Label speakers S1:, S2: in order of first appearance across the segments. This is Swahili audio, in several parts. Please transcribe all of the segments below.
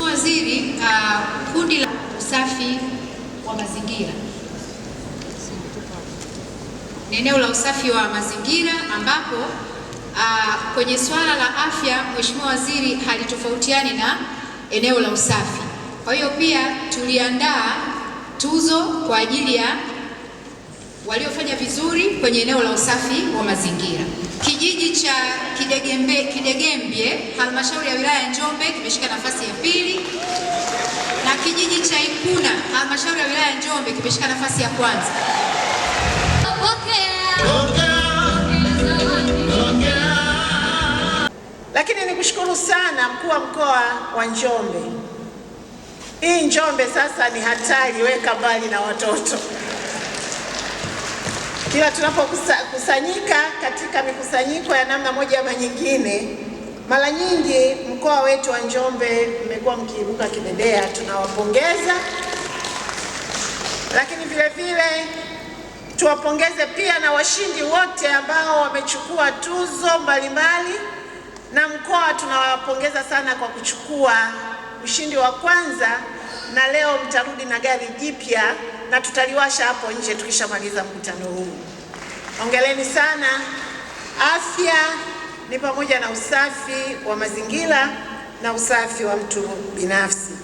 S1: Waziri, uh, kundi la usafi wa mazingira ni eneo la usafi wa mazingira ambapo uh, kwenye swala la afya Mheshimiwa Waziri halitofautiani na eneo la usafi. Kwa hiyo pia tuliandaa tuzo kwa ajili ya waliofanya vizuri kwenye eneo la usafi wa mazingira. Kijiji cha Kidegembe, Kidegembye halmashauri ya wilaya ya Njombe kimeshika nafasi ya pili na kijiji cha Ikuna halmashauri ya wilaya ya Njombe kimeshika nafasi ya kwanza.
S2: Lakini nikushukuru sana mkuu wa mkoa wa Njombe. Hii Njombe sasa ni hatari, weka mbali na watoto. Kila tunapokusanyika katika mikusanyiko ya namna moja ama nyingine, mara nyingi mkoa wetu wa Njombe mmekuwa mkiibuka kidedea, tunawapongeza. Lakini vile vile tuwapongeze pia na washindi wote ambao wamechukua tuzo mbalimbali, na mkoa tunawapongeza sana kwa kuchukua ushindi wa kwanza na leo mtarudi na gari jipya na tutaliwasha hapo nje tukishamaliza mkutano huu. Ongeleni sana. Afya ni pamoja na usafi wa mazingira na usafi wa mtu binafsi.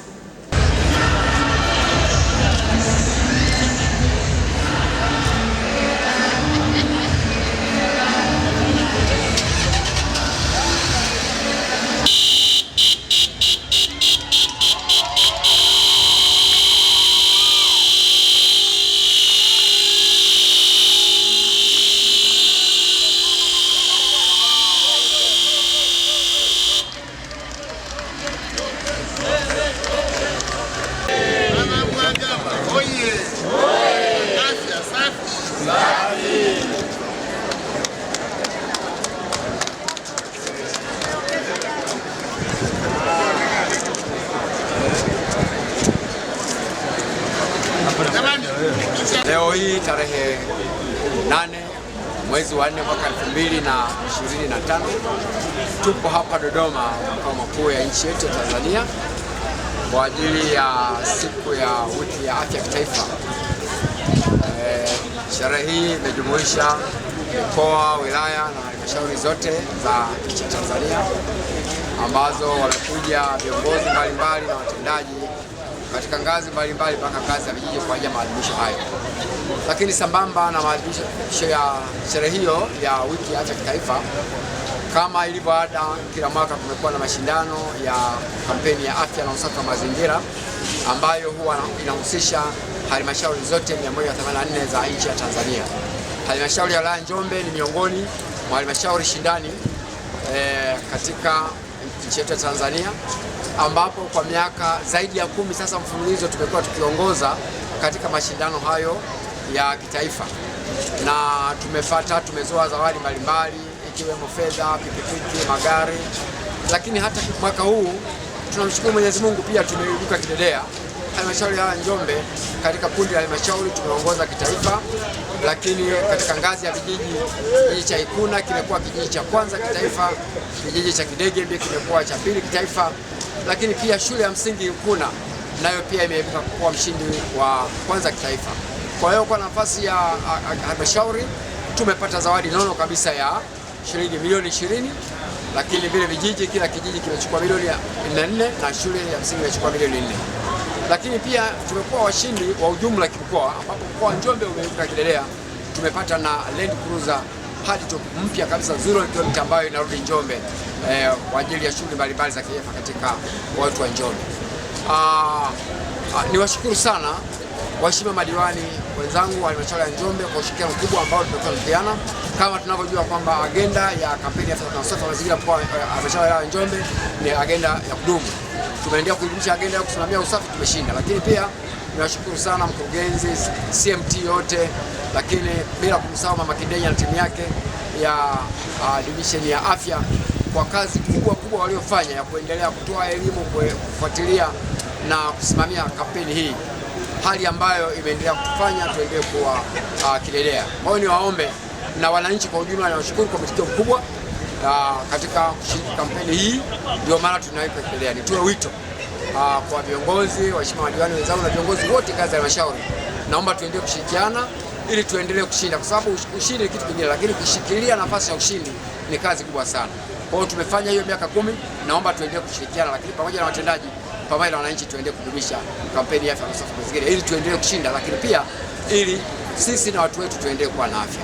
S3: Leo hii tarehe 8 mwezi wa 4 mwaka tano tupo hapa Dodoma, makao makuu ya nchi yetu ya Tanzania kwa ajili ya siku ya wiki ya afya kitaifa. E, sherehe hii imejumuisha mikoa, wilaya na halmashauri zote za nchi ya Tanzania ambazo wamekuja viongozi mbalimbali na watendaji katika ngazi mbalimbali mpaka ngazi ya vijiji kwa ajili ya maadhimisho hayo. Lakini sambamba na maadhimisho ya sherehe hiyo ya wiki ya afya kitaifa, kama ilivyo ada, kila mwaka kumekuwa na mashindano ya kampeni ya afya na usafi wa mazingira ambayo huwa inahusisha halmashauri zote 184 za nchi ya Tanzania. Halmashauri ya wilaya Njombe ni miongoni mwa halmashauri shindani eh, katika nchi yetu ya Tanzania, ambapo kwa miaka zaidi ya kumi sasa mfululizo tumekuwa tukiongoza katika mashindano hayo ya kitaifa, na tumefata tumezoa zawadi mbalimbali ikiwemo fedha, pikipiki, magari, lakini hata mwaka huu tunamshukuru Mwenyezi Mungu pia tumeibuka kidedea halmashauri ya Njombe katika kundi la halmashauri tumeongoza kitaifa lakini katika ngazi ya vijiji, kijiji cha Ikuna kimekuwa kijiji cha kwanza kitaifa, kijiji cha Kidegembe kimekuwa cha pili kitaifa, lakini pia shule ya msingi Ikuna nayo pia imeibuka kuwa mshindi wa kwanza kitaifa. Kwa hiyo kwa nafasi ya halmashauri tumepata zawadi nono kabisa ya shilingi milioni ishirini, lakini vile vijiji, kila kijiji kimechukua milioni 4 na shule ya msingi imechukua milioni nne lakini pia tumekuwa washindi wa ujumla kimkoa, ambapo mkoa wa Njombe umeuka kidedea. Tumepata na Land Cruiser Hardtop mpya kabisa zero kilomita ambayo inarudi Njombe eh, kwa ajili ya shughuli mbalimbali za kijefa katika watu wa Njombe. Ah, ah, niwashukuru sana waheshimiwa madiwani wenzangu wa halmashauri ya Njombe kwa ushirikiano mkubwa ambao tumekuwa tukiana. Kama tunavyojua kwamba agenda ya kampeni ya eh, halmashauri ya Njombe ni agenda ya kudumu tumeendelea kuidumisha agenda ya kusimamia usafi, tumeshinda. Lakini pia tunashukuru sana mkurugenzi CMT yote, lakini bila kumsahau Mama Kidenya na timu yake ya uh, divisheni ya afya kwa kazi kubwa kubwa waliofanya ya kuendelea kutoa elimu, kufuatilia na kusimamia kampeni hii, hali ambayo imeendelea kutufanya tuendelee kuwa uh, kilelea. Kwa hiyo niwaombe na wananchi kwa ujumla, nawashukuru kwa mtikio mkubwa na katika kushiriki kampeni hii, ndio maana tunayoipekelea. Nitoe wito aa, ah, kwa viongozi, waheshimiwa madiwani wenzangu na viongozi wote ngazi ya halmashauri, naomba tuendelee kushirikiana ili tuendelee kushinda, kwa sababu ushindi ni kitu kingine, lakini kushikilia nafasi ya ushindi ni kazi kubwa sana. Kwa hiyo tumefanya hiyo miaka kumi, naomba tuendelee kushirikiana, lakini pamoja na watendaji, pamoja na wananchi, tuendelee kudumisha kampeni ya afya na usafi mazingira ili tuendelee kushinda, lakini pia ili sisi na watu wetu tuendelee kuwa na afya.